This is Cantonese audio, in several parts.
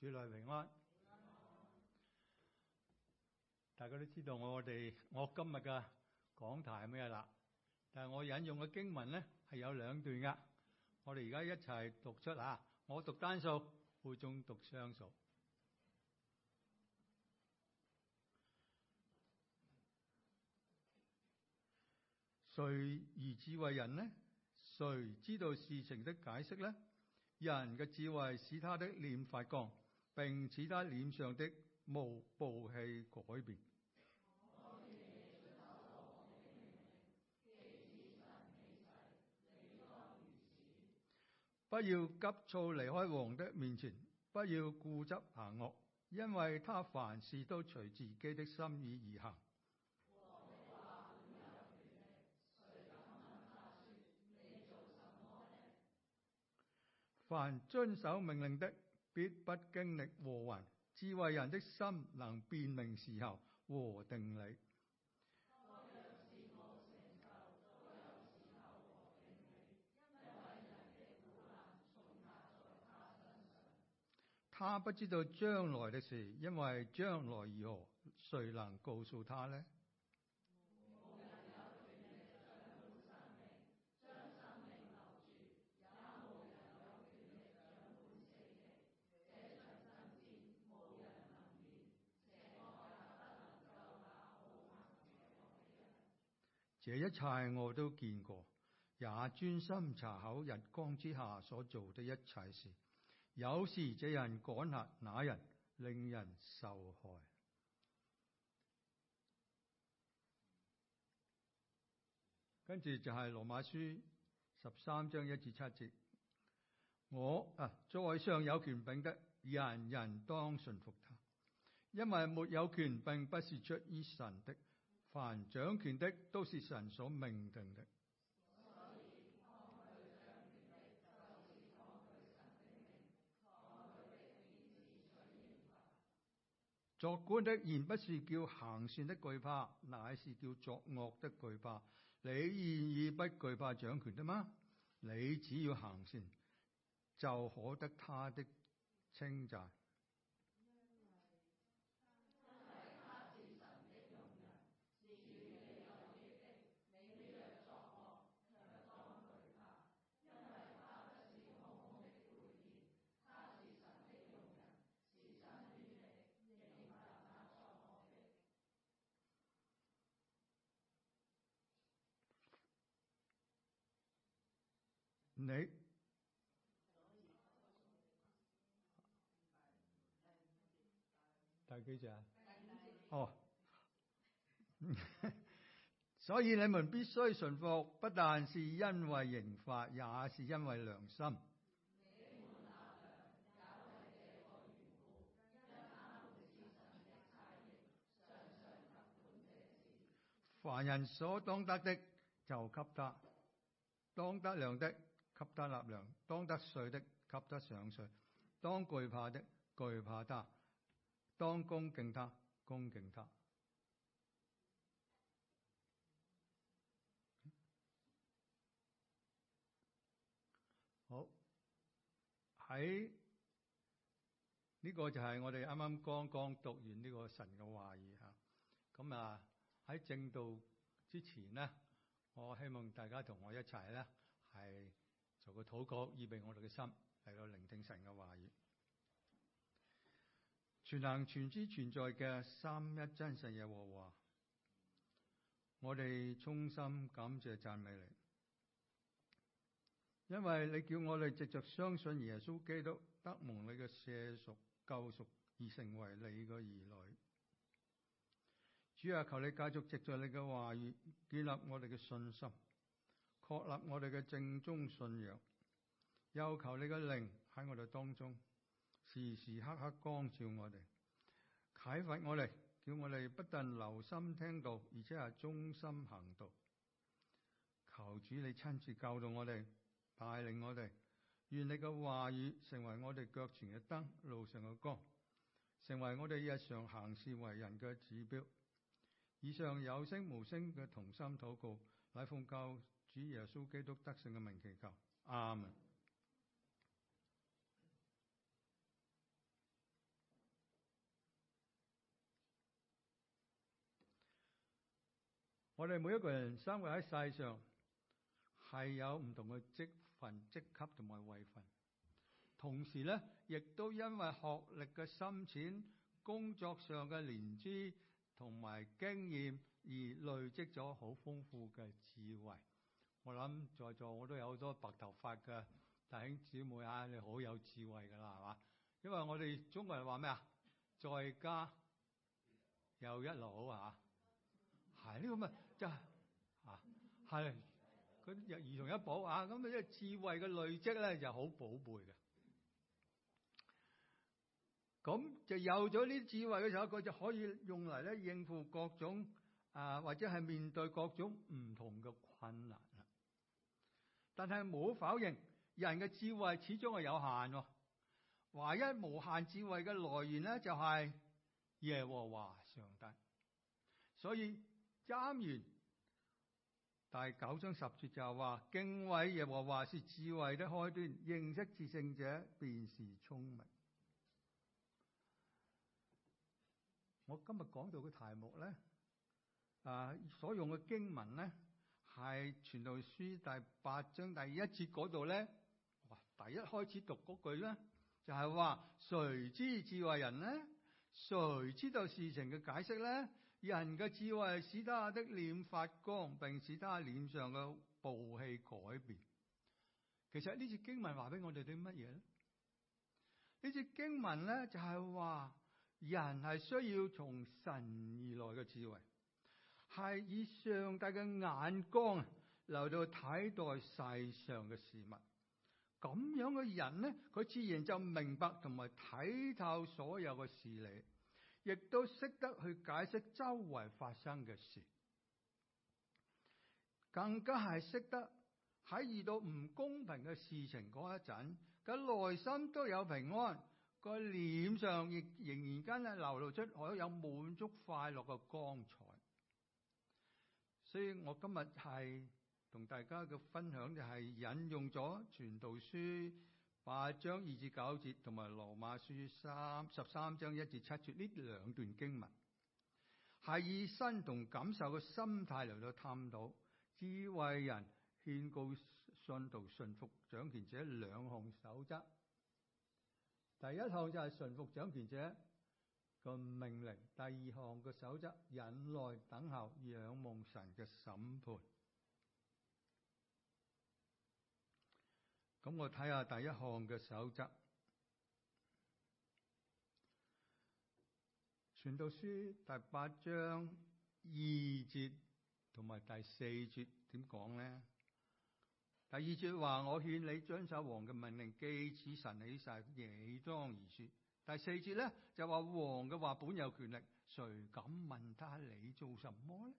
主內平安，大家都知道我哋我今日嘅講題係咩啦？但係我引用嘅經文咧係有兩段噶，我哋而家一齊讀出嚇，我讀單數，會眾讀雙數。誰如智慧人咧？誰知道事情的解釋咧？人嘅智慧使他的臉發光。並使他臉上的無暴氣改變。不要急躁離開王的面前，不要固執行惡，因為他凡事都隨自己的心意而行。我我凡遵守命令的。必不經歷禍患，智慧人的心能辨明時候和定理，我和定理他他，他不知道將來的事，因為將來如何，誰能告訴他呢？這一切我都見過，也專心查考日光之下所做的一切事。有時這人趕嚇那人，令人受害。跟住就係羅馬書十三章一至七節：我啊，在上有權柄的，人人當順服他，因為沒有權柄不是出於神的。凡掌權的都是神所命定的。所以他就是，他的他的作官的原不是叫行善的懼怕，乃是叫作惡的懼怕。你願意不懼怕掌權的嗎？你只要行善，就可得他的稱讚。你第幾隻？哦，oh. 所以你們必須順服，不但是因為刑罰，也是因為良心。凡人所當得的，就給他；當得糧的，給他納糧，當得稅的給得上稅，當懼怕的懼怕他，當恭敬他恭敬他。好，喺呢、這個就係我哋啱啱剛剛讀完呢個神嘅話語吓，咁啊喺正道之前呢，我希望大家同我一齊咧係。是做個禱告，預備我哋嘅心，嚟到聆聽神嘅話語。全能、全知、存在嘅三一真神耶和華，我哋衷心感謝讚美你，因為你叫我哋藉着相信耶穌基督得蒙你嘅赦贖救贖，而成為你嘅兒女。主啊，求你繼續藉着你嘅話語建立我哋嘅信心。確立我哋嘅正宗信仰，又求你嘅靈喺我哋當中，時時刻刻光照我哋，啟發我哋，叫我哋不但留心聽道，而且係忠心行道。求主你親自教導我哋，帶領我哋，願你嘅話語成為我哋腳前嘅燈，路上嘅光，成為我哋日常行事為人嘅指標。以上有聲無聲嘅同心禱告，乃奉教。主耶穌基督得勝嘅名祈求，阿門。我哋每一個人生活喺世上，係有唔同嘅職份、職級同埋位份，同時咧，亦都因為學歷嘅深淺、工作上嘅年資同埋經驗，而累積咗好豐富嘅智慧。我諗在座我都有好多白頭髮嘅弟兄姊妹吓、啊，你好有智慧噶啦，係嘛？因為我哋中國人話咩啊？在家又一老好啊，係呢個咪？就啊係佢啲如同一寶啊，咁、嗯嗯、啊啲 智慧嘅累積咧就好寶貝嘅。咁就有咗呢啲智慧嘅時候，佢就可以用嚟，咧應付各種啊、呃，或者係面對各種唔同嘅困難。但係冇否認，人嘅智慧始終係有限。唯一無限智慧嘅來源咧，就係耶和華上帝。所以箴言第九章十節就係話：敬畏耶和華是智慧的開端，認識至聖者便是聰明。我今日講到嘅題目咧，啊，所用嘅經文咧。係《傳道書》第八章第一節度咧，哇！第一開始讀句咧，就係話：誰知智慧人咧？誰知道事情嘅解釋咧？人嘅智慧使得他的臉發光，並使得他臉上嘅暴氣改變。其實呢節經文話俾我哋啲乜嘢咧？呢節經文咧就係話，人係需要從神而來嘅智慧。係以上帝嘅眼光流到睇待世上嘅事物，咁樣嘅人咧，佢自然就明白同埋睇透所有嘅事理，亦都識得去解釋周圍發生嘅事，更加係識得喺遇到唔公平嘅事情嗰一陣，佢內心都有平安，個臉上亦仍然間咧流露出可有滿足快樂嘅光彩。所以我今日係同大家嘅分享，就係引用咗《傳道書》八章二至九節，同埋《羅馬書》三十三章一至七節呢兩段經文，係以身同感受嘅心態嚟到探討智慧人勸告信徒順服掌權者兩項守則。第一項就係順服掌權者個命令，第二項嘅守則，忍耐等候仰望神嘅審判。咁我睇下第一項嘅守則，傳道書第八章二節同埋第四節點講呢？第二節話：我勸你遵守王嘅命令，既指神起誓偽裝而說。第四節咧，就話，王嘅話本有權力，誰敢問他你做什麼咧？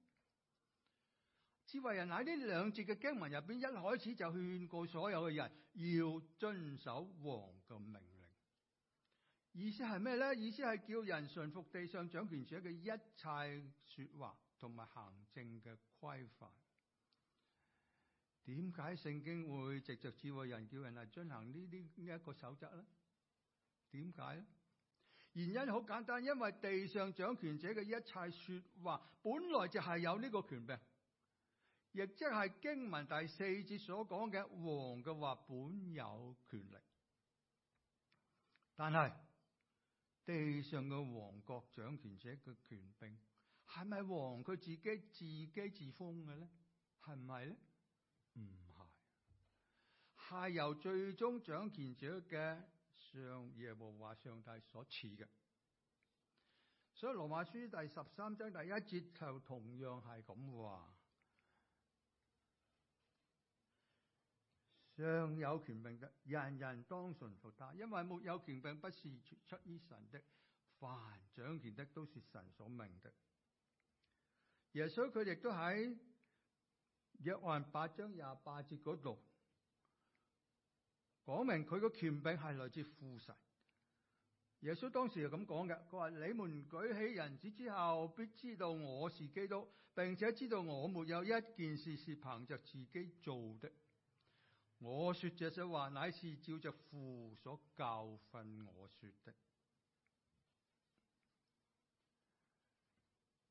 智慧人喺呢兩節嘅經文入邊，一開始就勸告所有嘅人要遵守王嘅命令。意思係咩咧？意思係叫人順服地上掌權者嘅一切說話同埋行政嘅規範。點解聖經會藉着智慧人叫人嚟遵循呢啲呢一個守則咧？點解咧？原因好簡單，因為地上掌權者嘅一切說話本來就係有呢個權柄，亦即係經文第四節所講嘅王嘅話本有權力。但係地上嘅王國掌權者嘅權柄係咪王佢自、自己自己自封嘅咧？係唔係咧？唔係，係由最終掌權者嘅。上而係無話，上帝所賜嘅。所以羅馬書第十三章第一節就同樣係咁話：上有權柄的，人人當順服他，因為沒有權柄不是出出於神的。凡掌權的都是神所命的。耶穌佢亦都喺約翰八章廿八節嗰度，講明佢個權柄係來自父神。耶穌當時係咁講嘅，佢話：你們舉起人子之後，必知道我是基督，並且知道我沒有一件事是憑着自己做的。我說這些話，乃是照着父所教訓我說的。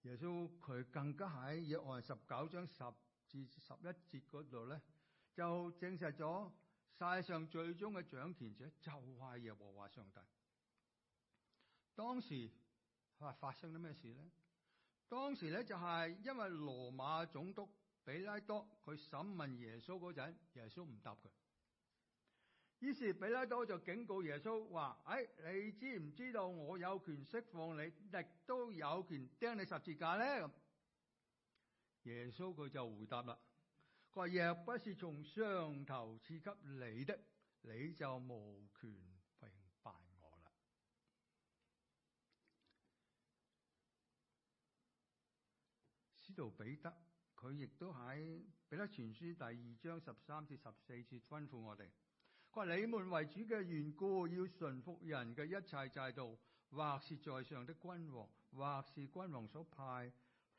耶穌佢更加喺約翰十九章十至十一節嗰度咧，就證實咗。世上最終嘅掌權者就係耶和華上帝。當時佢話發生咗咩事咧？當時咧就係、是，因為羅馬總督彼拉多佢審問耶穌嗰陣，耶穌唔答佢，於是彼拉多就警告耶穌話：誒、哎，你知唔知道我有權釋放你，亦都有權釘你十字架咧？咁耶穌佢就回答啦。個若不是從上頭賜給你的，你就無權評判我啦。使徒彼得佢亦都喺彼得前書第二章十三至十四節吩咐我哋：，佢話你們為主嘅緣故，要順服人嘅一切制度，或是在上的君王，或是君王所派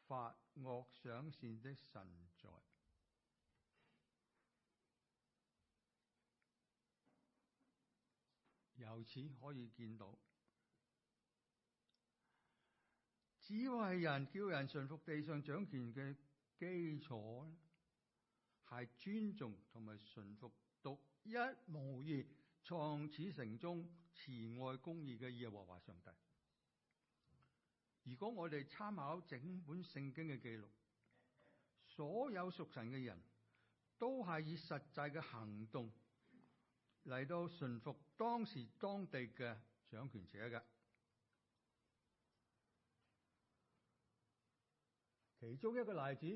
罰惡賞善的臣宰。由此可以見到，只要係人叫人順服地上掌權嘅基礎，係尊重同埋順服獨一無二、創始成終、慈愛公義嘅耶和華上帝。如果我哋參考整本聖經嘅記錄，所有屬神嘅人都係以實際嘅行動嚟到順服當時當地嘅掌權者嘅，其中一個例子，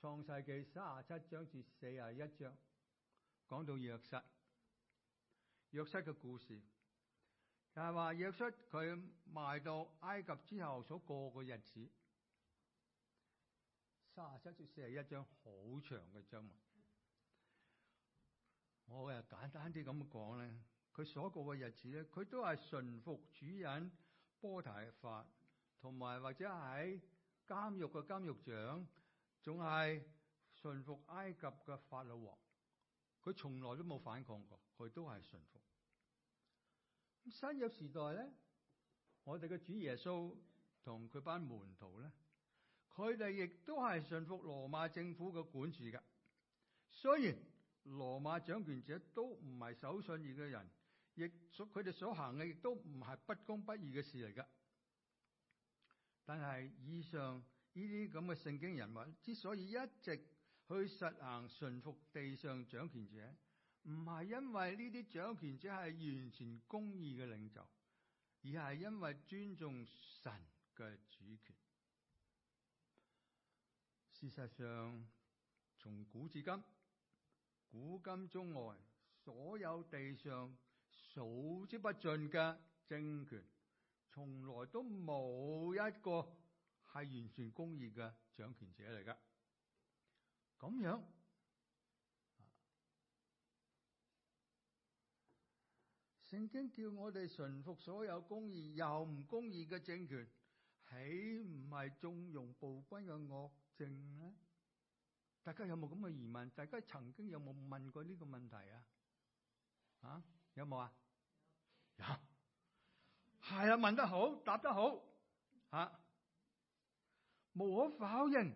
《創世紀》三十七章至四十一章，講到約瑟。約瑟嘅故事，就係話約瑟佢賣到埃及之後所過嘅日子。三十七至四十一章好長嘅章文，嗯、我嘅簡單啲咁講咧。佢所過嘅日子咧，佢都係順服主人波提法，同埋或者喺監獄嘅監獄長，仲係順服埃及嘅法老王。佢從來都冇反抗過，佢都係順服。咁新約時代咧，我哋嘅主耶穌同佢班門徒咧，佢哋亦都係順服羅馬政府嘅管治㗎。雖然羅馬掌權者都唔係守信義嘅人。亦所佢哋所行嘅亦都唔係不公不義嘅事嚟噶。但係以上呢啲咁嘅聖經人物之所以一直去實行順服地上掌權者，唔係因為呢啲掌權者係完全公義嘅領袖，而係因為尊重神嘅主權。事實上，從古至今，古今中外，所有地上。數之不盡嘅政權，從來都冇一個係完全公義嘅掌權者嚟噶。咁樣，聖經叫我哋順服所有公義又唔公義嘅政權，豈唔係縱容暴君嘅惡政呢？大家有冇咁嘅疑問？大家曾經有冇問過呢個問題啊？啊？有冇啊？有係啊！問得好，答得好吓、啊。無可否認，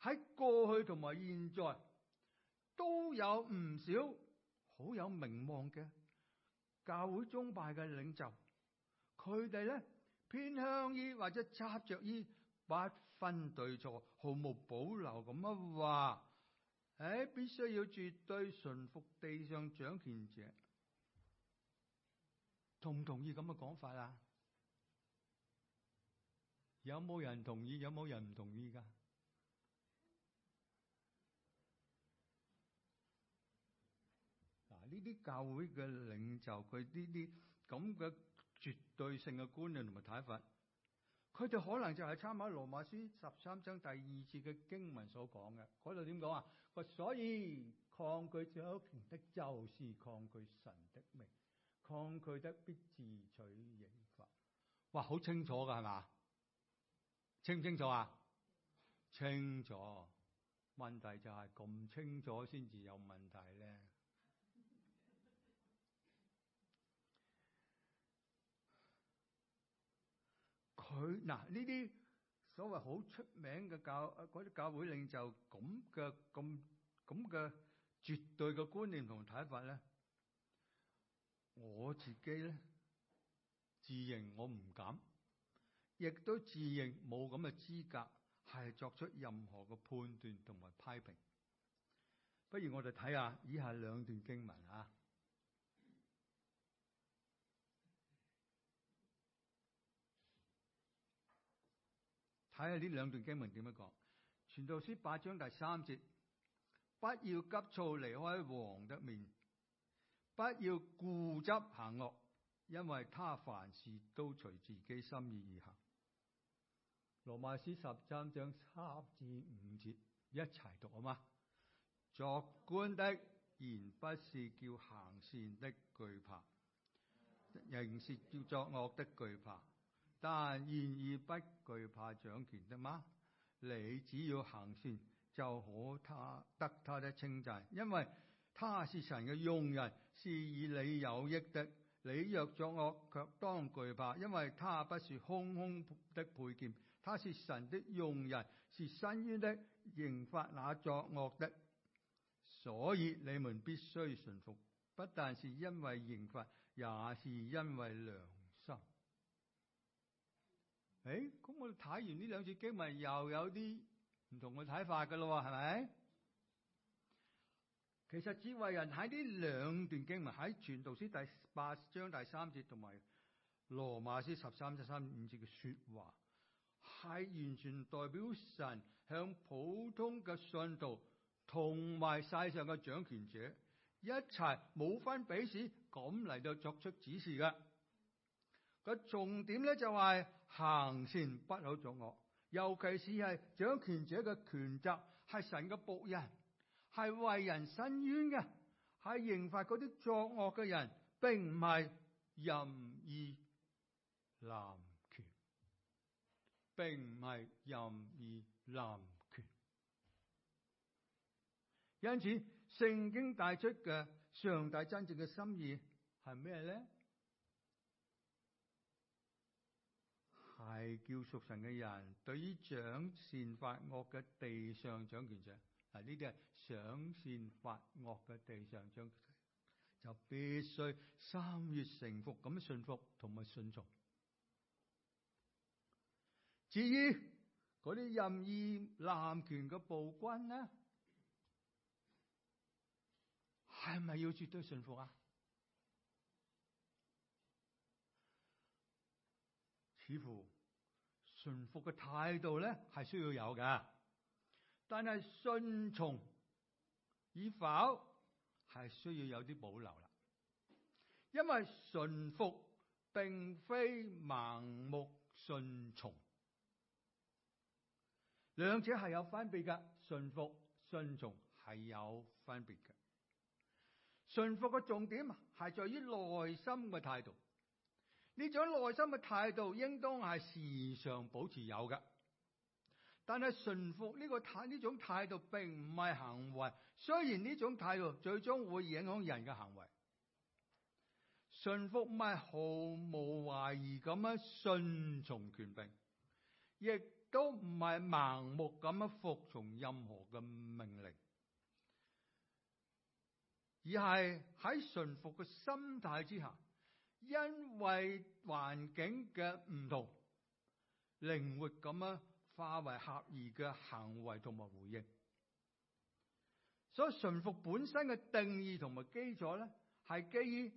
喺過去同埋現在都有唔少好有名望嘅教會宗派嘅領袖，佢哋咧偏向於，或者插着於，不分對錯，毫無保留咁樣話，誒、欸，必須要絕對順服地上掌權者。同唔同意咁嘅講法啊？有冇人同意？有冇人唔同意噶？嗱，呢啲教會嘅領袖，佢呢啲咁嘅絕對性嘅觀念同埋睇法，佢哋可能就係參考羅馬書十三章第二節嘅經文所講嘅。嗰度點講啊？佢所以抗拒掌權的，就是抗拒神的命，抗拒得必自取刑罰，哇！好清楚噶，係嘛？清唔清楚啊？清楚。問題就係咁清楚先至有問題咧。佢嗱呢啲所謂好出名嘅教嗰啲教會領袖咁嘅咁咁嘅絕對嘅觀念同睇法咧。我自己咧，自認我唔敢，亦都自認冇咁嘅資格係作出任何嘅判斷同埋批評。不如我哋睇下以下兩段經文啊，睇下呢兩段經文點樣講。傳道書八章第三節，不要急躁離開王的面。不要固執行惡，因為他凡事都隨自己心意而行。羅馬書十三章三至五節，一齊讀啊嘛！作官的，原不是叫行善的懼怕，乃是叫作惡的懼怕。但願意不懼怕掌權的嗎？你只要行善，就可他得他的稱讚，因為他是神嘅用人。是與你有益的，你若作惡，卻當懼怕，因為他不是空空的配劍，他是神的用人，是伸冤的刑罰那作惡的。所以你們必須順服，不但是因為刑罰，也是因為良心。誒，咁我睇完呢兩節經文，咪又有啲唔同嘅睇法噶咯，係咪？其實智慧人喺呢兩段經文，喺傳道書第八章第三節同埋羅馬書十三章三五節嘅說話，係完全代表神向普通嘅信徒同埋世上嘅掌權者一齊冇分彼此咁嚟到作出指示嘅。個重點咧就係行善，不可作惡，尤其是係掌權者嘅權責係神嘅僕人。係為人伸冤嘅，係刑罰嗰啲作惡嘅人，並唔係任意濫權，並唔係任意濫權。因此，聖經帶出嘅上帝真正嘅心意係咩咧？係叫屬神嘅人對於賞善罰惡嘅地上掌權者。嗱，呢啲係賞善罰惡嘅地上將，就必須心悅誠服咁順服同埋順從。至於嗰啲任意濫權嘅暴君咧，係咪要絕對順服啊？似乎順服嘅態度咧，係需要有嘅。但係順從與否係需要有啲保留啦，因為順服並非盲目順從，兩者係有分別㗎。順服、順從係有分別嘅。順服嘅重點係在於內心嘅態度，呢種內心嘅態度應當係時常保持有嘅。但係順服呢個態，呢種態度，度並唔係行為。雖然呢種態度最終會影響人嘅行為，順服唔係毫無懷疑咁樣順從權柄，亦都唔係盲目咁樣服從任何嘅命令，而係喺順服嘅心態之下，因為環境嘅唔同，靈活咁樣。化為合宜嘅行為同埋回應，所以順服本身嘅定義同埋基礎咧，係基於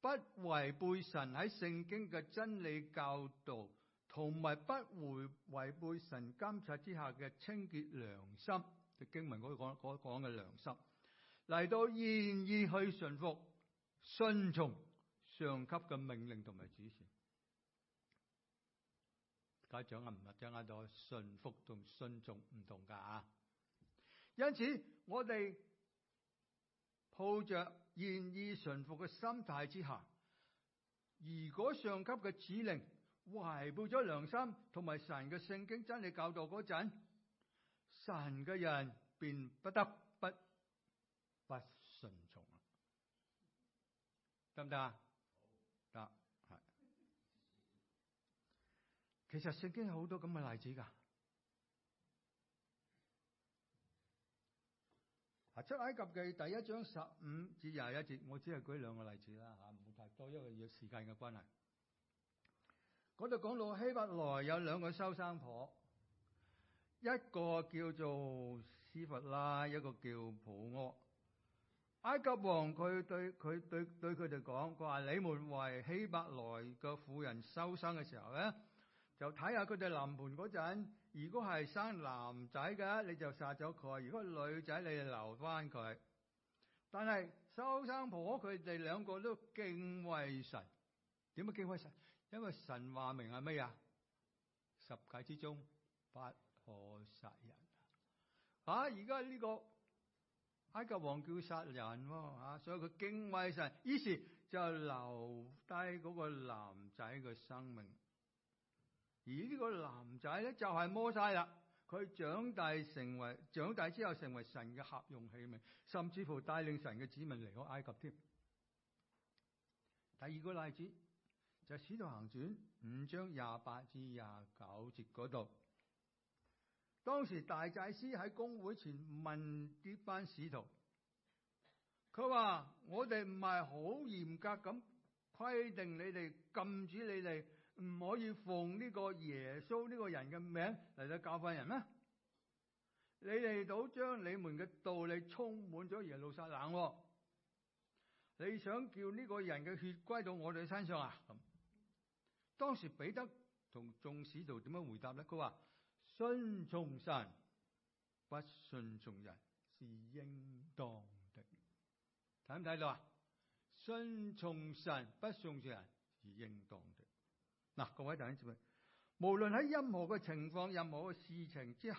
不違背神喺聖經嘅真理教導，同埋不違違背神監察之下嘅清潔良心。就是、經文嗰度講講嘅良心，嚟到願意去順服、順從上級嘅命令同埋指示。大家掌握，唔係掌握到順服同順從唔同噶啊？因此我哋抱着願意順服嘅心態之下，如果上級嘅指令懷抱咗良心同埋神嘅聖經真理教導嗰陣，神嘅人便不得不不順從啦，得唔得啊？其實聖經有好多咁嘅例子噶，《出埃及記》第一章十五至廿一節，我只係舉兩個例子啦，吓唔太多，因為要時間嘅關係。講到講到希伯來有兩個收生婆，一個叫做施弗拉，一個叫普阿。埃及王佢對佢對對佢哋講，佢話：你們為希伯來嘅婦人收生嘅時候咧。就睇下佢哋臨盆嗰陣，如果係生男仔嘅，你就殺咗佢；如果女仔，你就留翻佢。但係收生婆佢哋兩個都敬畏神，點樣敬畏神？因為神話明係咩呀？啊？十誡之中不可殺人啊！而家呢個埃及王叫殺人啊，所以佢敬畏神，於是就留低嗰個男仔嘅生命。而呢個男仔咧就係、是、摩西啦，佢長大成為長大之後成為神嘅合用器皿，甚至乎帶領神嘅子民離開埃及添。第二個例子就係、是《使徒行傳》五章廿八至廿九節嗰度，當時大祭司喺公會前問啲班使徒，佢話：我哋唔係好嚴格咁規定你哋禁止你哋。唔可以奉呢個耶穌呢個人嘅名嚟到教訓人咩？你哋都將你們嘅道理充滿咗耶路撒冷。哦，你想叫呢個人嘅血歸到我哋身上啊？咁當時彼得同眾使徒點樣回答咧？佢話：信從神，不信從人是應當的。睇唔睇到啊？信從神，不信從人是應當的。嗱，各位弟兄姊妹，無論喺任何嘅情況、任何嘅事情之下，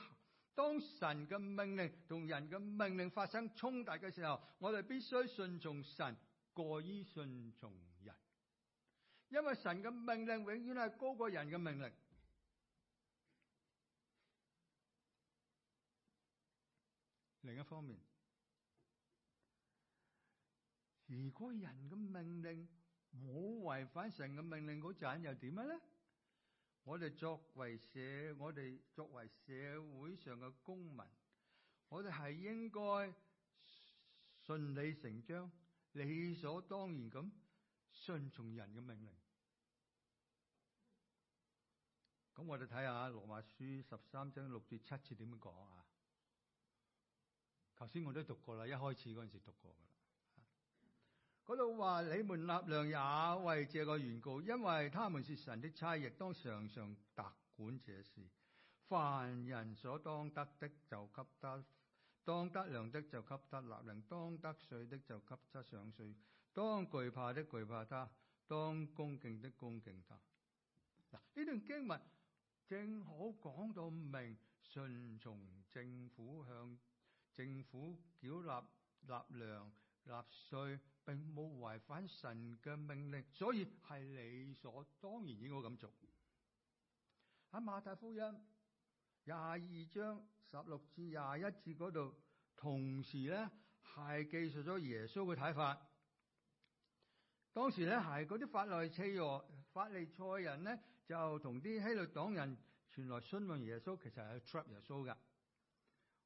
當神嘅命令同人嘅命令發生衝突嘅時候，我哋必須順從神，過於順從人，因為神嘅命令永遠係高過人嘅命令。另一方面，如果人嘅命令，冇違反神嘅命令嗰盞又點樣咧？我哋作為社，我哋作為社會上嘅公民，我哋係應該順理成章、理所當然咁順從人嘅命令。咁我哋睇下羅馬書十三章六至七節點樣講啊？頭先我都讀過啦，一開始嗰陣時讀過噶啦。嗰度話：你們納糧也為這個緣故，因為他們是神的差役，常常特管這事。凡人所當得的就給他，當得糧的就給他納糧，當得稅的就給他上稅，當懼怕的懼怕他，當恭敬的恭敬他。嗱，呢段經文正好講到明順從政府，向政府繳納納糧、納稅。並冇違反神嘅命令，所以係理所當然應該咁做。喺馬太福音廿二章十六至廿一節嗰度，同時咧係記述咗耶穌嘅睇法。當時咧係嗰啲法外邪惡、法利賽人呢，就同啲希律黨人前來詢問耶穌，其實係 trap 耶穌嘅，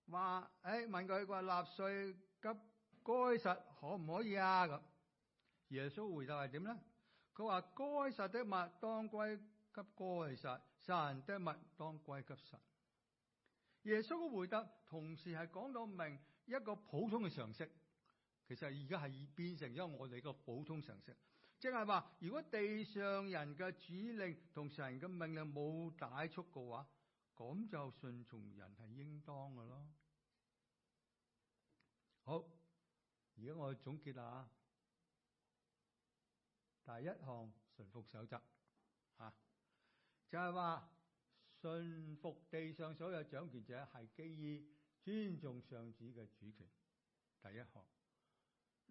話誒、哎、問佢話納稅急。該撒可唔可以啊？咁耶穌回答係點咧？佢話：該撒的物當歸給該撒，神的物當歸給神。耶穌嘅回答同時係講到明一個普通嘅常識，其實而家係變成咗我哋嘅普通常識，即係話如果地上人嘅指令同神嘅命令冇抵觸嘅話，咁就順從人係應當嘅咯。好。而家我總結下，第一項順服守則，吓、啊，就係、是、話，順服地上所有掌權者係基於尊重上主嘅主權。第一項，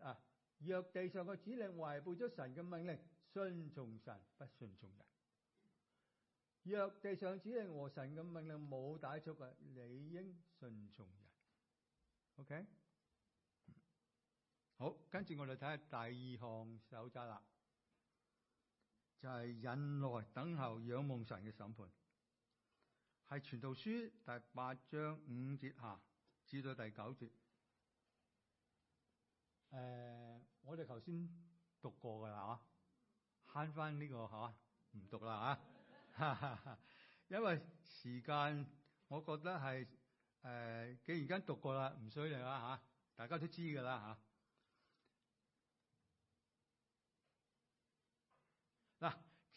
啊，若地上嘅指令違背咗神嘅命令，順從神不順從人；若地上指令和神嘅命令冇抵觸嘅，理應順從人。OK。好，跟住我哋睇下第二項守則啦，就係、是、忍耐等候仰望神嘅審判，係《傳道書》第八章五節下、啊、至到第九節。啊、我哋頭先讀過㗎啦，嚇、這個，慳翻呢個嚇，唔讀啦哈、啊、因為時間，我覺得係、啊、既然間讀過啦，唔需要啦嚇，大家都知㗎啦嚇。啊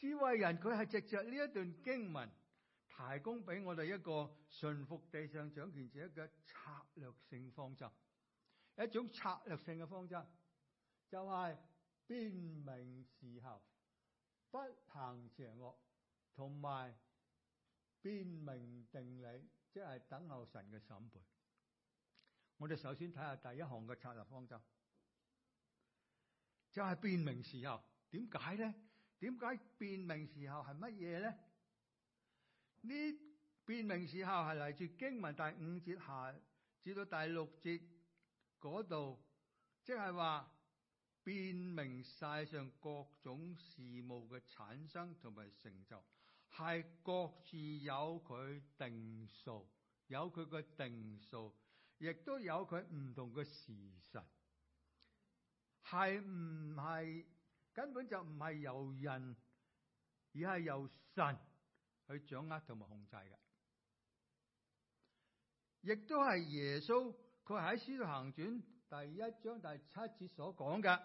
智慧人佢係藉着呢一段經文提供俾我哋一個順服地上掌權者嘅策略性方針，一種策略性嘅方針就係辨明時候，不行邪惡，同埋辨明定理，即係等候神嘅審判。我哋首先睇下第一項嘅策略方針，就係辨明時候，點解咧？點解辨明時候係乜嘢咧？呢辨明時候係嚟自經文第五節下至到第六節嗰度，即係話辨明世上各種事務嘅產生同埋成就，係各自有佢定數，有佢嘅定數，亦都有佢唔同嘅事實，係唔係？根本就唔係由人，而係由神去掌握同埋控制嘅。亦都係耶穌，佢喺《使徒行傳》第一章第七節所講嘅：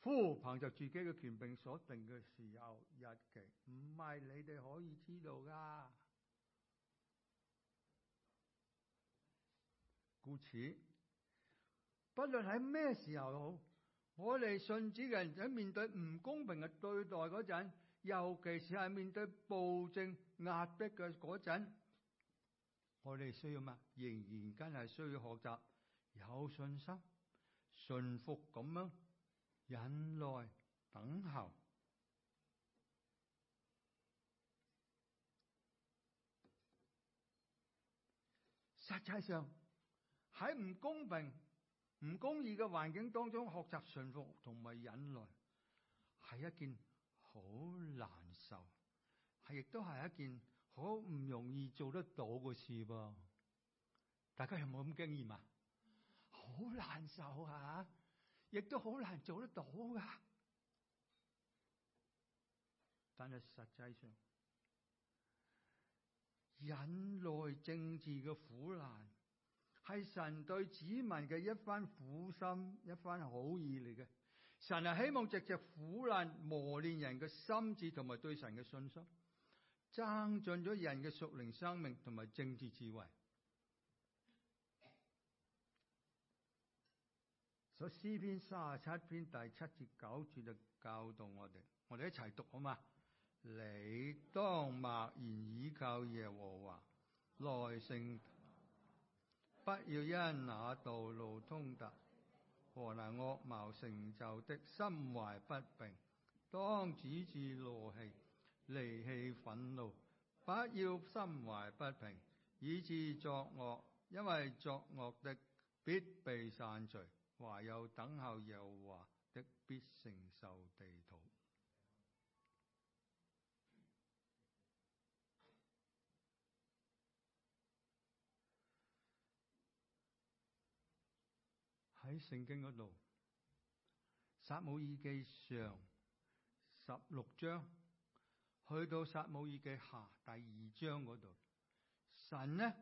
父憑就自己嘅權柄所定嘅時候日期，唔係你哋可以知道噶。故此，不論喺咩時候好。我哋信主嘅人喺面對唔公平嘅對待嗰陣，尤其是係面對暴政壓迫嘅嗰陣，我哋需要乜？仍然間係需要學習有信心、順服咁樣忍耐等候。實際上喺唔公平。唔公義嘅環境當中，學習順服同埋忍耐係一件好難受，係亦都係一件好唔容易做得到嘅事噃。大家有冇咁經驗啊？好難受啊！亦都好難做得到噶。但係實際上，忍耐政治嘅苦難。係神對子民嘅一番苦心，一番好意嚟嘅。神係希望藉着苦難磨練人嘅心智，同埋對神嘅信心，增進咗人嘅屬靈生命同埋政治智慧。所以詩篇三十七篇第七至九節就教導我哋，我哋一齊讀好嘛？你當默然倚靠耶和華，耐性。不要因那道路通達，何能惡謀成就的心懷不平，當止住怒氣，離棄憤怒。不要心懷不平，以致作惡，因為作惡的必被散除，懷有等候耶和華的必承受地。喺聖經嗰度，撒母耳記上十六章，去到撒母耳記下第二章嗰度，神呢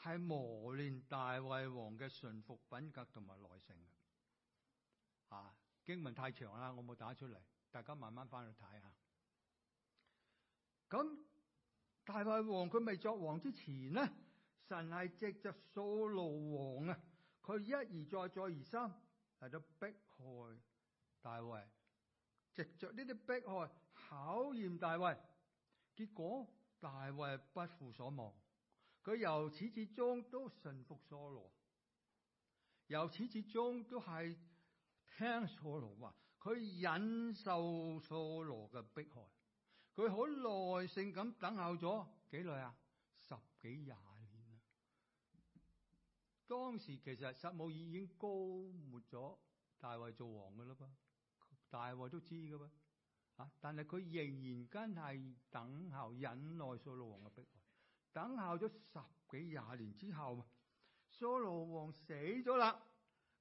係磨練大衛王嘅順服品格同埋耐性嘅。啊，經文太長啦，我冇打出嚟，大家慢慢翻去睇下。咁，大衛王佢未作王之前呢，神係藉着掃羅王啊。佢一而再，再而三嚟到迫害大衛，藉着呢啲迫害考驗大衛。結果大衛不負所望，佢由始至終都順服掃羅，由始至終都係聽掃羅話，佢忍受掃羅嘅迫害，佢好耐性咁等候咗幾耐啊？十幾日。當時其實撒母耳已經高沒咗大衛做王噶啦噃，大衛都知噶噃，啊！但係佢仍然間係等候忍耐掃羅王嘅迫害，等候咗十幾廿年之後，掃羅王死咗啦，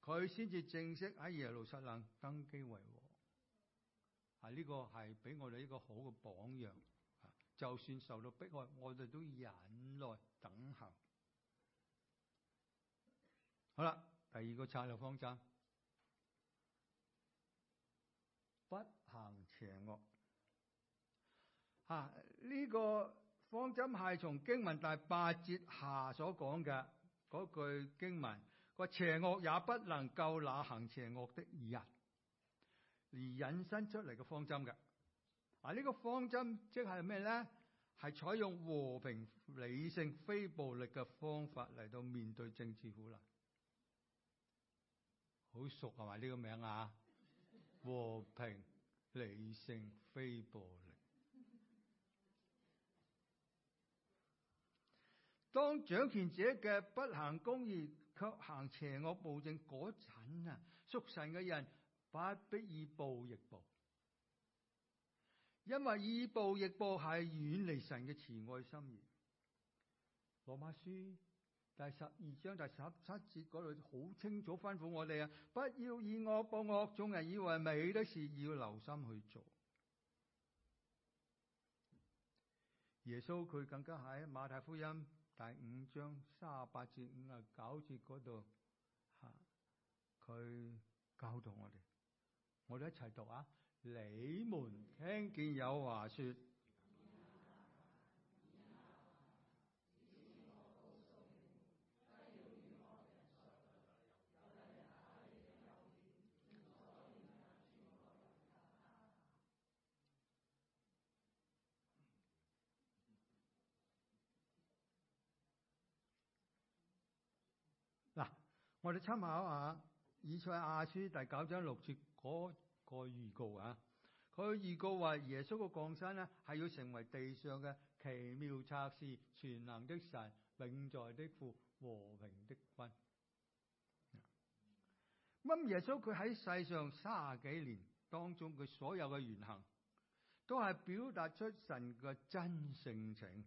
佢先至正式喺耶路撒冷登基為王，係、啊、呢、這個係俾我哋一個好嘅榜樣，就算受到迫害，我哋都忍耐等候。好啦，第二個策略方針，不行邪惡。啊，呢、這個方針係從經文第八節下所講嘅嗰句經文，個邪惡也不能夠那行邪惡的人，而引申出嚟嘅方針嘅。啊，呢、這個方針即係咩咧？係採用和平、理性、非暴力嘅方法嚟到面對政治苦難。好熟係嘛？呢個名啊，和平、理性、非暴力。 當掌權者嘅不行公義，卻行邪惡暴政嗰陣啊，屬神嘅人不必以暴易暴，因為以暴易暴係遠離神嘅慈愛心意。羅馬書第十二章第十七節嗰度好清楚吩咐我哋啊，不要以惡報惡，眾人以為美的事要留心去做。耶穌佢更加喺馬太福音第五章三十八至五啊九節嗰度，吓，佢教導我哋，我哋一齊讀啊，你們聽見有話說。我哋參考下以賽亞書第九章六節嗰個預告啊，佢預告話耶穌嘅降生咧係要成為地上嘅奇妙策士、全能的神、永在的父、和平的君。咁耶穌佢喺世上三十幾年當中，佢所有嘅言行都係表達出神嘅真性情。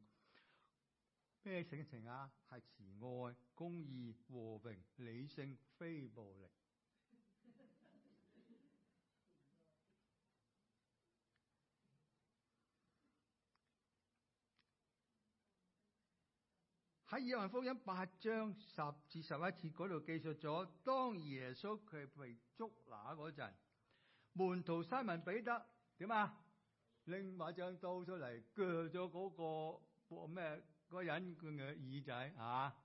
咩性情啊？係慈愛、公義、和平、理性，非暴力。喺《約翰福音》八章十至十一節嗰度記述咗，當耶穌佢被捉拿嗰陣，門徒西門彼得點啊？拎把張刀出嚟，割咗嗰個個咩？哦嗰個人佢嘅耳仔啊！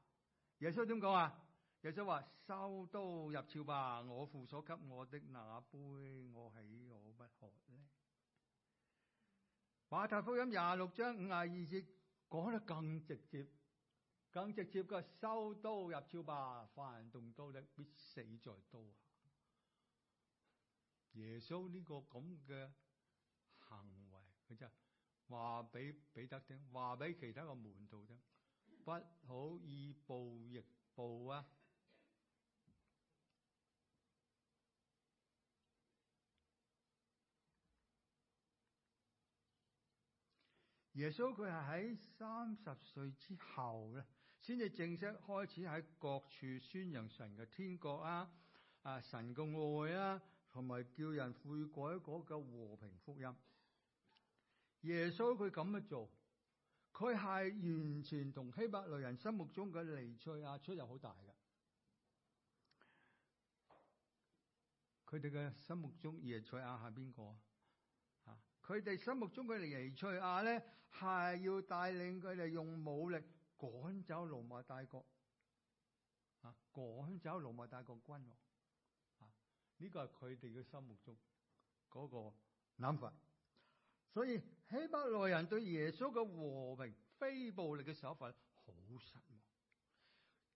耶穌點講啊？耶穌話：收刀入鞘吧，我父所給我的那杯，我豈可不喝呢？馬太福音廿六章五十二節講得更直接，更直接嘅：收刀入鞘吧，凡動刀的必死在刀下。耶穌呢、呢個咁嘅行為，佢就。話俾彼得聽，話俾其他個門徒聽，不好以暴易暴啊！耶穌佢係喺三十歲之後咧，先至正式開始喺各處宣揚神嘅天國啊，啊神嘅愛啊，同埋叫人悔改嗰個和平福音。耶穌佢咁樣做，佢係完全同希伯來人心目中嘅彌賽亞出入好大㗎。佢哋嘅心目中，彌賽亞係邊個啊？啊，佢哋心目中嘅彌賽亞咧，係要帶領佢哋用武力趕走羅馬大國啊，趕走羅馬大國君王啊，呢、這個係佢哋嘅心目中嗰、那個諗法。所以希伯來人對耶穌嘅和平、非暴力嘅手法好失望，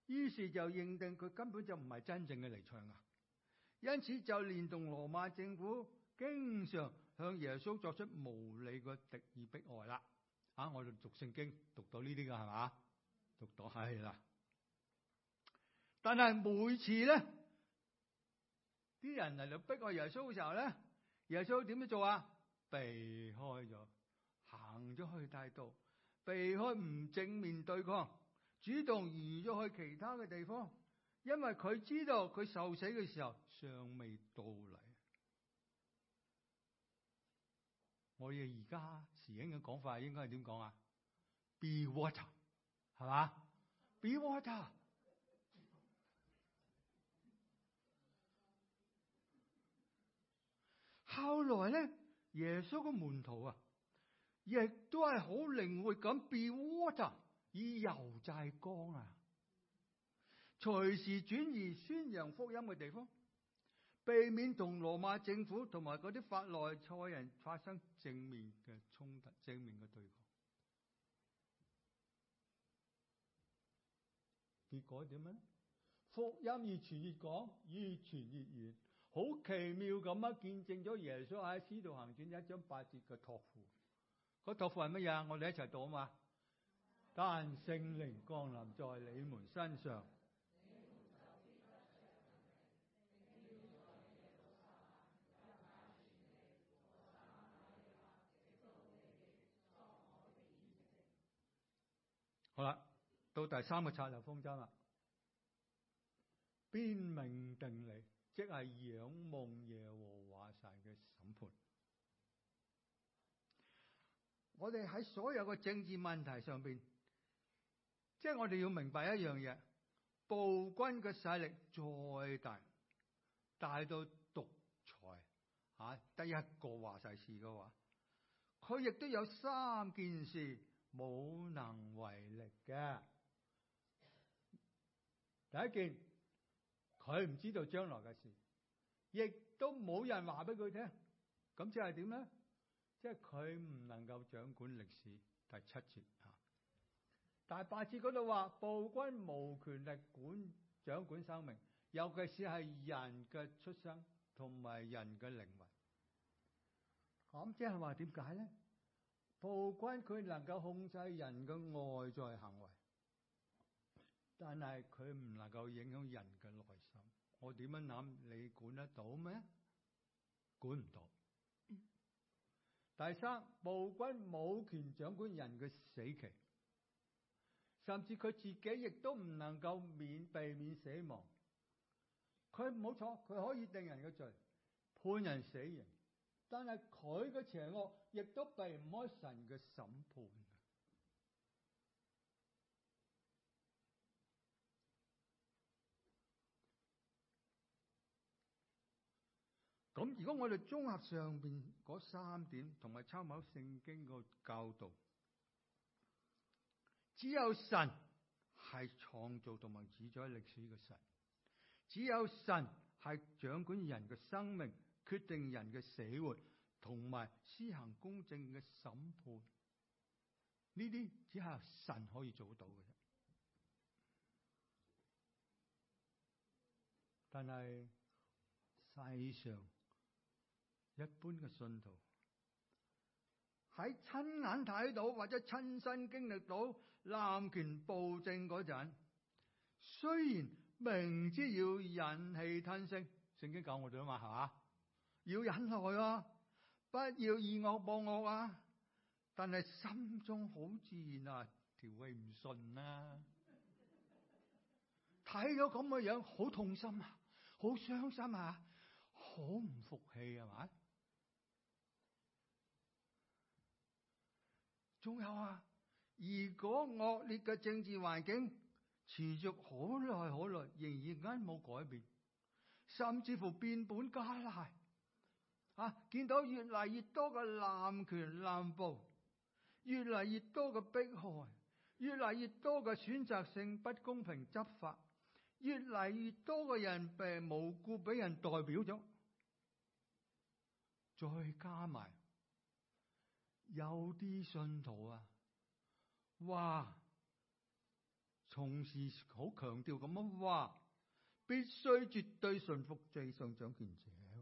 於是就認定佢根本就唔係真正嘅離場噶，因此就連同羅馬政府經常向耶穌作出無理嘅敵意迫害啦。啊，我哋讀聖經讀到呢啲噶係嘛？讀到係啦。但係每次咧，啲人嚟到迫害耶穌嘅時候咧，耶穌點樣做啊？避開咗，行咗去大道，避開唔正面對抗，主動移咗去其他嘅地方，因為佢知道佢受死嘅時候尚未到嚟。我哋而家時興嘅講法應該係點講啊？Be water，係嘛？Be water。後來咧。耶穌嘅門徒啊，亦都係好靈活咁 be water 以柔制剛啊，隨時轉移宣揚福音嘅地方，避免同羅馬政府同埋嗰啲法內賽人發生正面嘅衝突，正面嘅對抗。結果點啊？福音越傳越廣，越傳越遠。好奇妙咁啊，見證咗耶穌喺使徒行傳一章八節嘅託付，嗰託付係乜嘢？我哋一齊讀啊嘛！但聖靈降臨在你們身上。 好啦，到第三個策略方針啦，邊命定理。即係仰望耶和華嘅審判。我哋喺所有嘅政治問題上邊，即係我哋要明白一樣嘢：暴君嘅勢力再大，大到獨裁吓，得、啊、一個話晒事嘅話，佢亦都有三件事冇能為力嘅。第一件，佢唔知道將來嘅事，亦都冇人話俾佢聽，咁即係點咧？即係佢唔能夠掌管歷史，第七節啊！第八節度話暴君無權力管掌管生命，尤其是係人嘅出生同埋人嘅靈魂。咁即係話點解咧？暴君佢能夠控制人嘅外在行為。但係佢唔能夠影響人嘅內心，我點樣諗，你管得到咩？管唔到。嗯。第三，暴君冇權掌管人嘅死期，甚至佢自己亦都唔能夠免避免死亡。佢冇錯，佢可以定人嘅罪，判人死刑，但係佢嘅邪惡亦都避唔開神嘅審判。咁如果我哋綜合上邊嗰三點，同埋參考聖經個教導，只有神係創造同埋主宰歷史嘅神，只有神係掌管人嘅生命，決定人嘅死活，同埋施行公正嘅審判，呢啲只係神可以做到嘅。但係世上。一般嘅信徒喺親眼睇到或者親身經歷到濫權暴政嗰陣，雖然明知要忍氣吞聲，聖經教我哋啊嘛，係嘛，要忍耐啊，不要以惡報惡啊，但係心中好自然啊，條氣唔順啊，睇咗咁嘅樣，好痛心啊，好傷心啊。好唔服氣啊嘛？仲有啊！如果惡劣嘅政治環境持續好耐好耐，仍然間冇改變，甚至乎變本加厲啊！見到越嚟越多嘅濫權濫暴，越嚟越多嘅迫害，越嚟越多嘅選擇性不公平執法，越嚟越多嘅人被無故俾人代表咗。再加埋，有啲信徒啊，哇，從事好強調咁樣哇必須絕對順服最上掌權者，啊。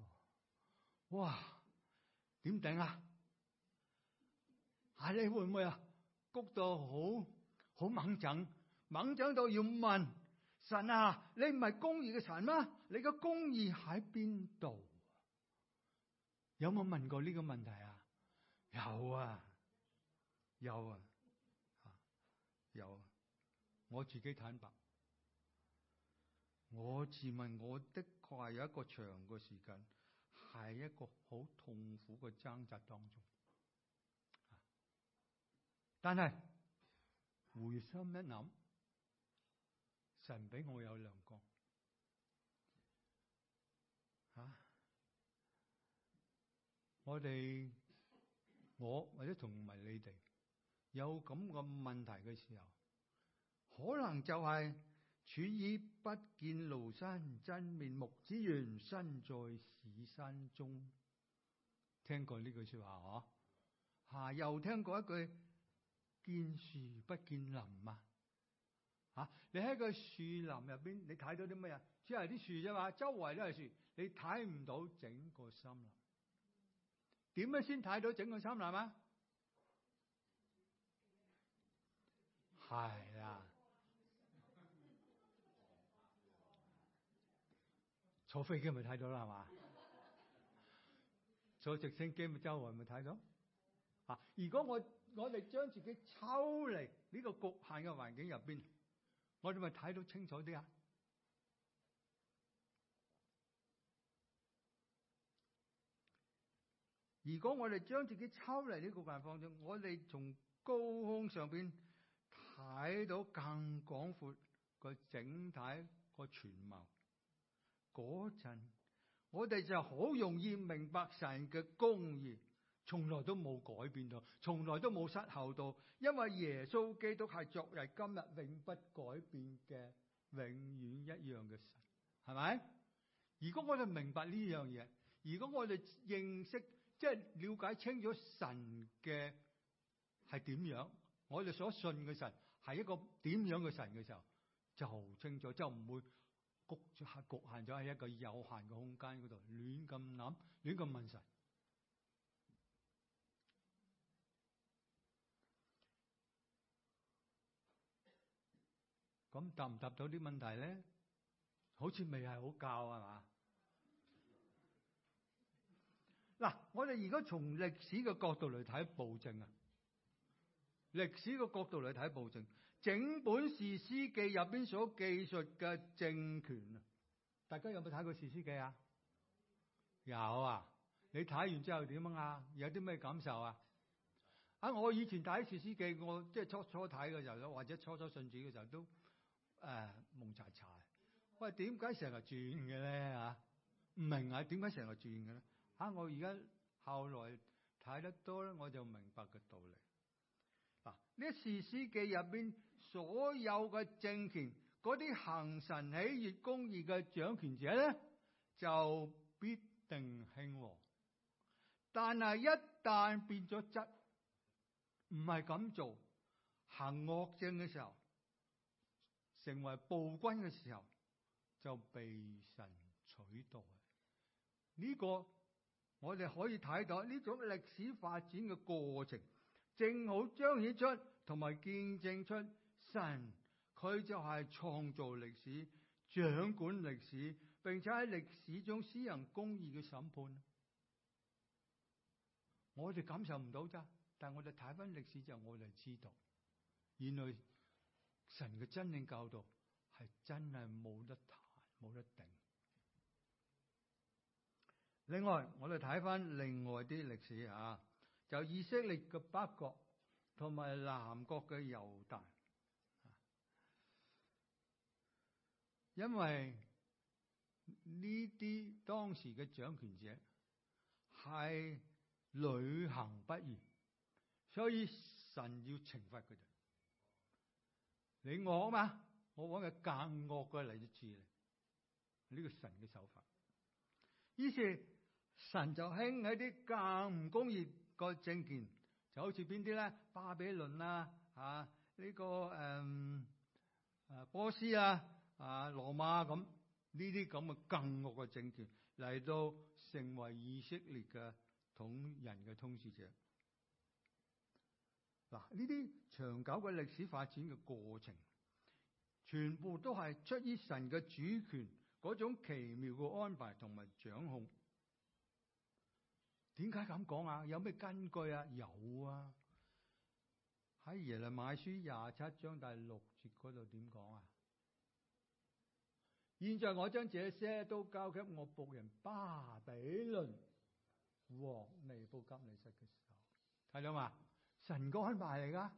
哇，點頂啊，啊？你會唔會啊？谷到好好猛漲，猛漲到要問神啊！你唔係公義嘅神嗎？你嘅公義喺邊度？有冇問過呢個問題啊？有啊，有啊，有啊！我自己坦白，我自問我的確係有一個長嘅時間係一個好痛苦嘅掙扎當中，但係回心一諗，神俾我有兩個。我哋我或者同埋你哋有咁嘅問題嘅時候，可能就係、是、處以不見廬山真面目，只緣身在此山中。聽過呢句說話吓吓、啊啊？又聽過一句見樹不見林啊！吓、啊，你喺個樹林入邊，你睇到啲咩啊？只係啲樹啫嘛，周圍都係樹，你睇唔到整個森林。點樣先睇到整個參難啊？係啊，坐飛機咪睇到啦，係嘛？坐直升機咪周圍咪睇到。啊，如果我我哋將自己抽離呢個局限嘅環境入邊，我哋咪睇到清楚啲啊！如果我哋將自己抽離呢個框架中，我哋從高空上邊睇到更廣闊個整體個全貌，嗰陣我哋就好容易明白神嘅公義，從來都冇改變到，從來都冇失效到，因為耶穌基督係昨日今日永不改變嘅永遠一樣嘅神，係咪？如果我哋明白呢樣嘢，如果我哋認識。即係了解清楚神嘅係點樣，我哋所信嘅神係一個點樣嘅神嘅時候，就清楚，就唔會局限局限咗喺一個有限嘅空間嗰度亂咁諗、亂咁問神。咁答唔答到啲問題咧？好似未係好教係嘛？嗱，我哋而家從歷史嘅角度嚟睇暴政啊，歷史嘅角度嚟睇暴政，整本《士師記》入面所記述嘅政權啊，大家有冇睇過《士師記》啊？有啊，你睇完之後點樣啊？有啲咩感受啊？啊，我以前睇《士師記》我，我即係初初睇嘅時候，或者初初信主嘅時候都誒、呃、蒙查查，喂，點解成日轉嘅咧？嚇，唔明啊，點解成日轉嘅咧？嚇、啊！我而家後來睇得多咧，我就明白嘅道理。嗱、啊，呢一士師記入邊，所有嘅政權，嗰啲行神喜悦公義嘅掌權者咧，就必定興和。但係一旦變咗質，唔係咁做，行惡政嘅時候，成為暴君嘅時候，就被神取代呢、這個。我哋可以睇到呢種歷史發展嘅過程，正好彰顯出同埋見證出神，佢就係創造歷史、掌管歷史，並且喺歷史中施行公義嘅審判。我哋感受唔到咋，但係我哋睇返歷史就我哋知道，原來神嘅真正教導係真係冇得彈、冇得頂。另外，我哋睇翻另外啲歷史啊，就以色列嘅北國同埋南國嘅猶大，因為呢啲當時嘅掌權者係履行不義，所以神要懲罰佢哋。你我啊嘛，我揾嘅更惡嘅例子嚟，呢個神嘅手法，於是，神就興起啲更唔公義個政權，就好似邊啲咧？巴比倫啊，吓、啊、呢、這個誒誒、嗯、波斯啊，啊羅馬咁呢啲咁嘅更惡嘅政權嚟，到成為以色列嘅統人嘅統治者。嗱、啊，呢啲長久嘅歷史發展嘅過程，全部都係出於神嘅主權嗰種奇妙嘅安排同埋掌控。點解咁講啊？有咩根據啊？有啊！喺耶利米書廿七章第六節嗰度點講啊？現在我將這些都交給我僕人巴比倫王尼布甲尼撒嘅時候，睇到嘛？神嘅安排嚟噶。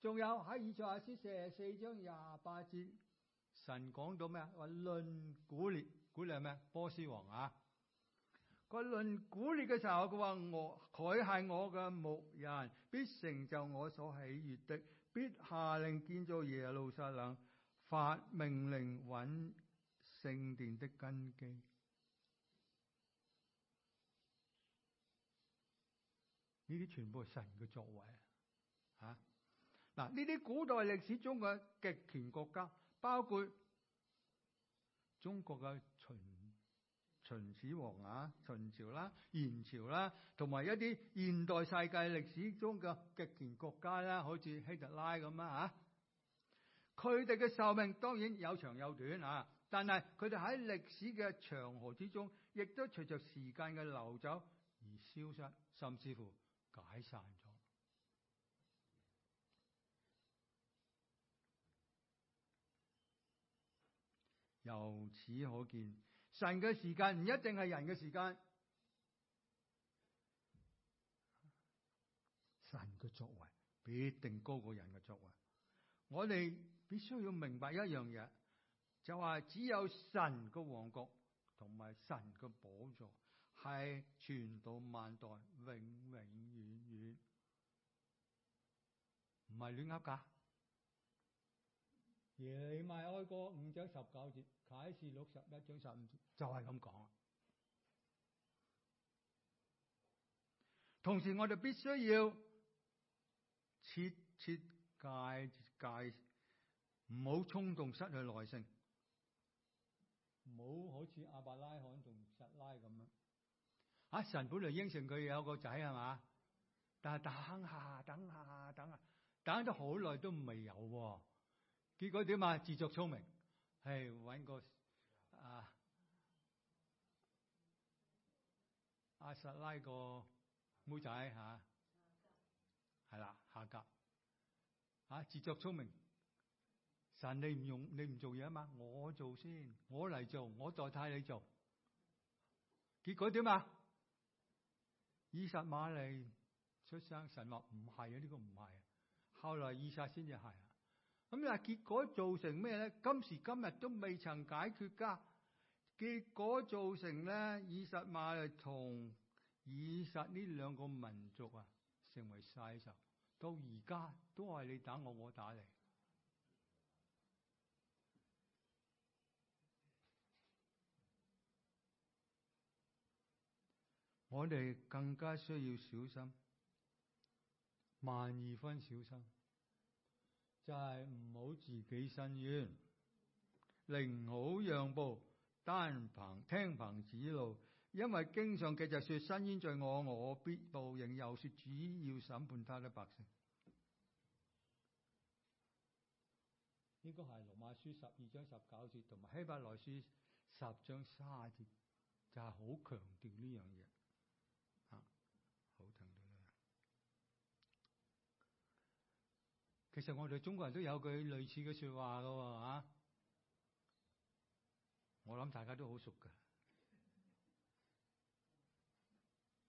仲有喺以賽亞書四十四章廿八節，神講到咩啊？話論古列，古列係咩？波斯王啊！不論古列嘅時候，佢話我佢係我嘅牧人，必成就我所喜悅的，必下令建造耶路撒冷，發命令穩聖殿的根基。呢啲全部係神嘅作為啊！嗱，呢啲古代歷史中嘅極權國家，包括中國嘅。秦始皇啊，秦朝啦、啊、元朝啦、啊，同埋一啲現代世界歷史中嘅極權國家啦、啊，好似希特拉咁啊嚇，佢哋嘅壽命當然有長有短啊，但係佢哋喺歷史嘅長河之中，亦都隨着時間嘅流走而消失，甚至乎解散咗。由此可見。神嘅時間唔一定係人嘅時間，神嘅作為必定高過人嘅作為。我哋必須要明白一樣嘢，就話只有神嘅王國同埋神嘅寶座係傳到萬代永永遠遠，唔係亂噏㗎。耶利麥哀歌五章十九節，解釋六十一章十五節就係咁講。同時我哋必須要切切戒戒，唔好衝動失去耐性，唔好好似亞伯拉罕同撒拉咁樣。啊，神本來應承佢有個仔係嘛，但係等下等下等下，等咗好耐都未有。結果點啊，啊，啊？自作聰明，係搵個阿撒拉個妹仔吓，係啦夏甲吓，自作聰明，神你唔用你唔做嘢，啊嘛，我做先，我嚟做，我代替你做，結果點啊？以實瑪利出生，神話唔係啊，呢、這個唔係、啊，後來以撒先至係。咁啊！結果造成咩咧？今時今日都未曾解決噶。結果造成咧，以實瑪利同以撒呢兩個民族啊，成為世仇。到而家都係你打我，我打你。我哋更加需要小心，萬二分小心。就係唔好自己伸冤，寧好讓步，單憑聽憑指路，因為經上記載說，伸冤在我，我必報應，又說主要審判他的百姓。應該係羅馬書十二章十九節，同埋希伯來書十章卅節，就係好強調呢樣嘢。其實我哋中國人都有句類似嘅說話噶，吓、啊，我諗大家都好熟噶，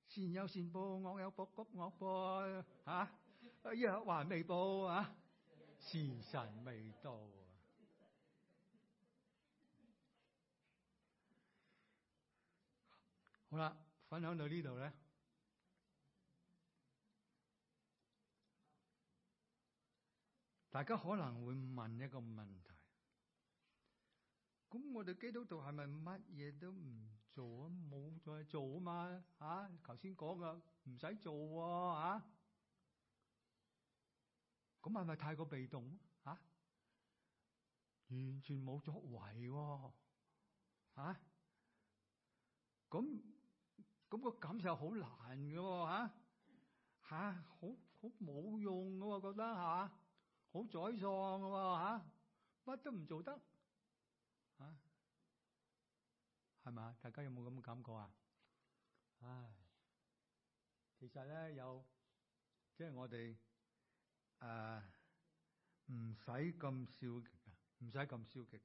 善有善報，惡有惡報，吓，一、啊、日、啊、還未報啊，時辰未到。好啦，分享到呢度咧。大家可能會問一個問題，咁我哋基督徒係咪乜嘢都唔做啊？冇再做啊嘛？吓，頭先講嘅唔使做啊？吓，咁係咪太過被動啊？完全冇作為喎，吓，咁咁個感受好難噶吓吓，好好冇用噶我覺得吓？好沮喪㗎嘛，吓，乜都唔做得，嚇係咪啊？大家有冇咁嘅感覺啊？唉，其實咧有，即係我哋誒唔使咁消極，唔使咁消極。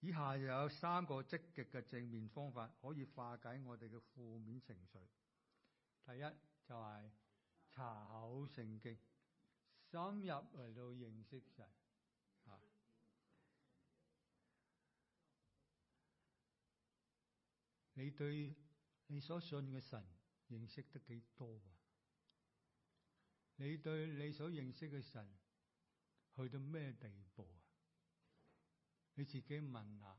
以下就有三個積極嘅正面方法，可以化解我哋嘅負面情緒。第一就係查考聖經。深入嚟到認識神，嚇、啊！你對你所信嘅神認識得幾多啊？你對你所認識嘅神去到咩地步啊？你自己問下，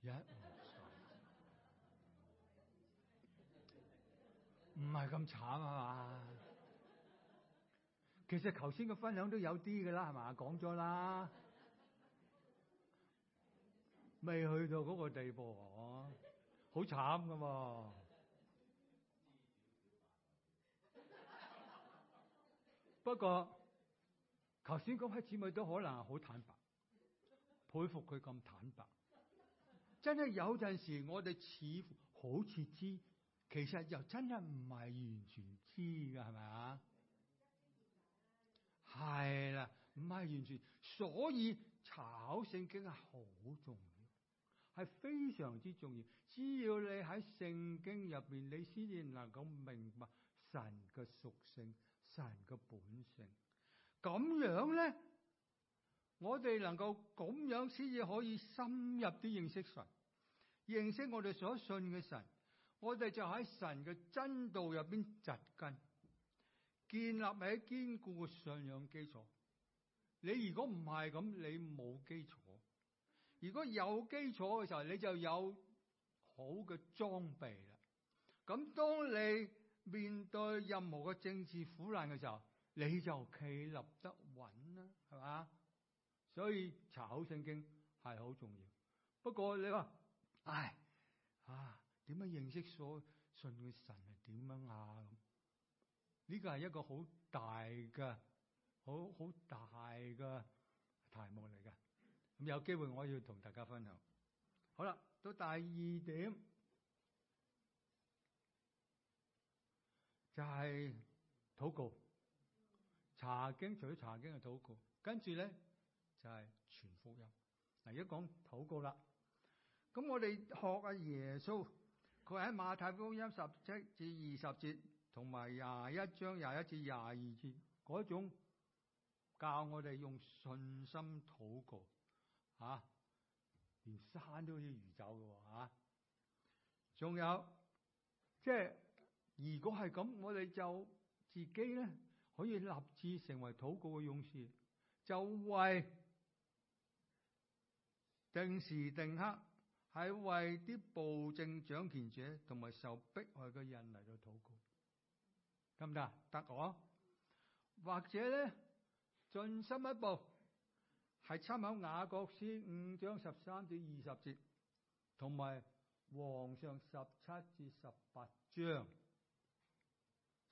一無所知？唔係咁慘啊嘛～其實頭先嘅分享都有啲噶啦，係嘛講咗啦，未去到嗰個地步，好慘噶喎。不過頭先嗰批姊妹都可能好坦白，佩服佢咁坦白。真係有陣時我哋似乎好似知，其實又真係唔係完全知噶，係咪啊？係啦，唔係完全，所以查考聖經係好重要，係非常之重要。只要你喺聖經入邊，你先至能夠明白神嘅屬性、神嘅本性。咁樣咧，我哋能夠咁樣先至可以深入啲認識神，認識我哋所信嘅神。我哋就喺神嘅真道入邊紮根。建立喺堅固嘅信仰基礎，你如果唔係咁，你冇基礎；如果有基礎嘅時候，你就有好嘅裝備啦。咁當你面對任何嘅政治苦難嘅時候，你就企立得穩啦，係嘛？所以查考聖經係好重要。不過你話，唉啊，點樣認識所信嘅神係點樣啊？呢、這個係一個好大嘅、好好大嘅題目嚟㗎。咁有機會我要同大家分享。好啦，到第二點就係、是、禱告。查經除咗查經係禱告，跟住咧就係、是、全福音。嗱，而家講禱告啦，咁我哋學阿耶穌，佢喺馬太福音十七至二十節，同埋廿一章廿一至廿二節嗰種，教我哋用信心禱告啊，連山都可以移走嘅吓啊！仲有即係如果係咁，我哋就自己咧可以立志成為禱告嘅勇士，就為定時定刻係為啲暴政掌權者同埋受迫害嘅人嚟到禱告。得唔得？得喎。或者咧，進深一步，係參考雅各書五章十三至二十節，同埋王上十七至十八章，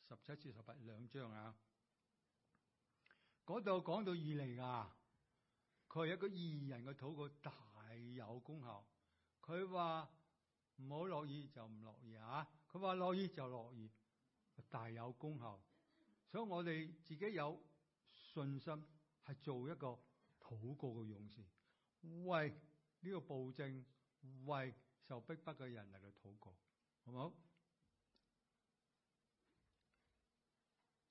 十七至十八兩章啊。嗰度講到雨嚟啊，佢係一個義人嘅禱告，大有功效。佢話唔好落雨就唔落雨啊，佢話落雨就落雨。大有功效，所以我哋自己有信心，係做一個禱告嘅勇士，為呢個暴政，為受逼迫嘅人嚟嘅禱告，好唔好？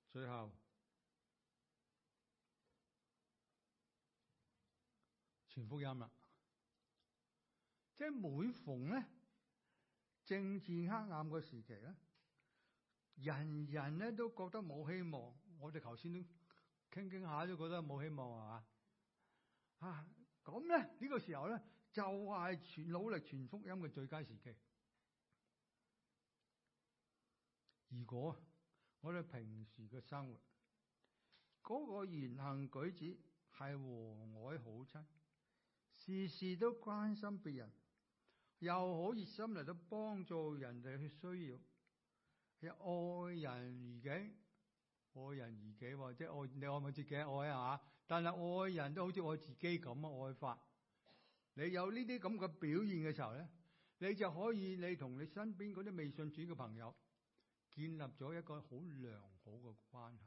最後，傳福音啦，即係每逢咧政治黑暗嘅時期咧。人人咧都覺得冇希望，我哋頭先都傾傾下都覺得冇希望啊！啊咁咧，呢、這個時候咧就係、是、全努力傳福音嘅最佳時期。如果我哋平時嘅生活嗰、那個言行舉止係和藹好親，事事都關心別人，又好熱心嚟到幫助人哋去需要。愛人如己，愛人如己，或者愛你愛唔愛自己愛啊？但係愛人都好似愛自己咁愛法。你有呢啲咁嘅表現嘅時候咧，你就可以你同你身邊嗰啲未信主嘅朋友建立咗一個好良好嘅關係。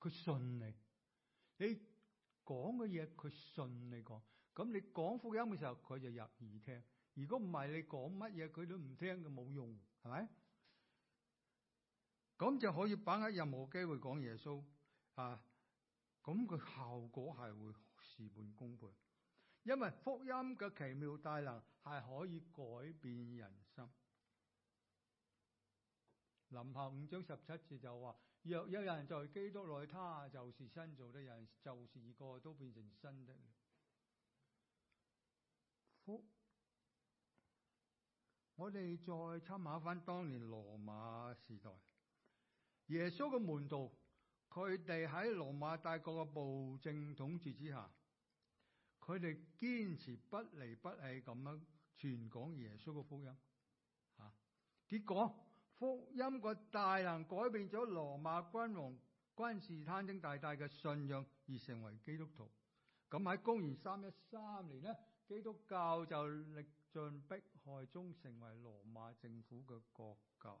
佢信你，你講嘅嘢佢信你講，咁你講福音嘅時候佢就入耳聽。如果唔係你講乜嘢佢都唔聽，佢冇用，係咪？咁就可以把握任何機會講耶穌啊！咁佢效果係會事半功倍，因為福音嘅奇妙大能係可以改變人心。林後五章十七節就話：若有人在基督內，他就是新造的人，就是一個都變成新的。福我哋再參考翻當年羅馬時代。耶穌嘅門徒，佢哋喺羅馬帝國嘅暴政統治之下，佢哋堅持不離不棄咁樣傳講耶穌嘅福音。吓、啊，結果福音個大能改變咗羅馬君王、君士坦丁大帝嘅信仰而成為基督徒。咁喺公元三一三年咧，基督教就歷盡迫害中成為羅馬政府嘅國教。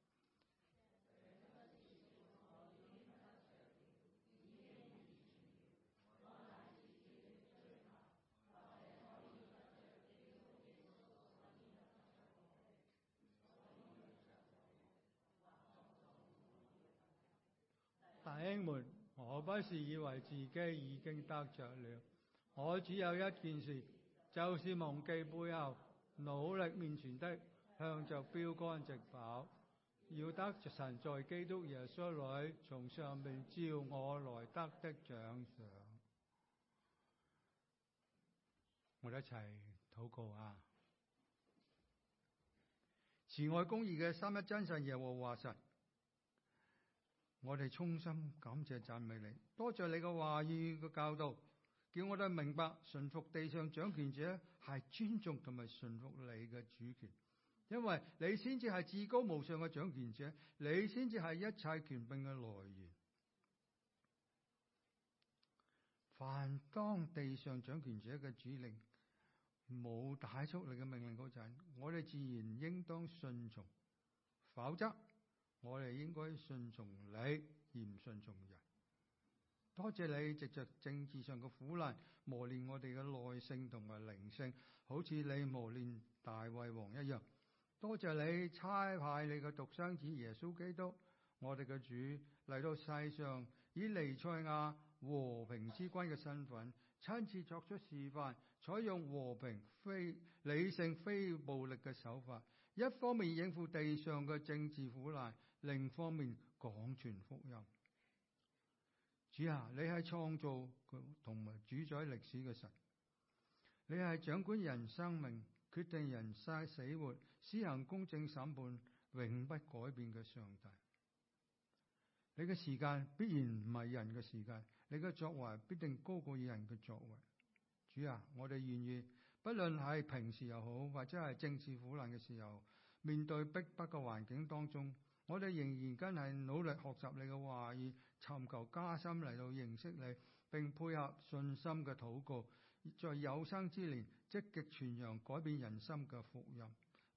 我不是以為自己已經得着了，我只有一件事，就是忘記背後，努力面前的，向着標杆直跑。要得神在基督耶穌裏從上面召我來得的獎賞。我哋一齊禱告啊！慈愛公義嘅三一真神耶和華神。我哋衷心感謝讚美你，多謝你嘅話語嘅教導，叫我哋明白順服地上掌權者係尊重同埋順服你嘅主權，因為你先至係至高無上嘅掌權者，你先至係一切權柄嘅來源。凡當地上掌權者嘅指令冇抵觸你嘅命令嗰陣，我哋自然應當順從，否則。我哋應該順從你而唔順從人。多謝你藉着政治上嘅苦難磨練我哋嘅耐性同埋靈性，好似你磨練大衛王一樣。多謝你差派你嘅獨生子耶穌基督，我哋嘅主嚟到世上，以尼賽亞和平之君嘅身份親自作出示範，採用和平、非理性、非暴力嘅手法，一方面應付地上嘅政治苦難。另一方面，廣傳福音。主啊，你係創造同埋主宰歷史嘅神，你係掌管人生命、決定人生死活、施行公正審判、永不改變嘅上帝。你嘅時間必然唔係人嘅時間，你嘅作為必定高過人嘅作為。主啊，我哋願意，不論係平時又好，或者係正處苦難嘅時候，面對逼迫嘅環境當中。我哋仍然跟係努力學習你嘅話語，尋求加深嚟到認識你，並配合信心嘅禱告，在有生之年積極傳揚改變人心嘅福音，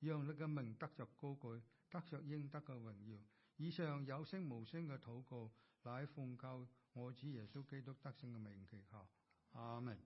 讓你嘅名得着高舉，得着應得嘅榮耀。以上有聲無聲嘅禱告，乃奉教我主耶穌基督得勝嘅名祈求。阿門。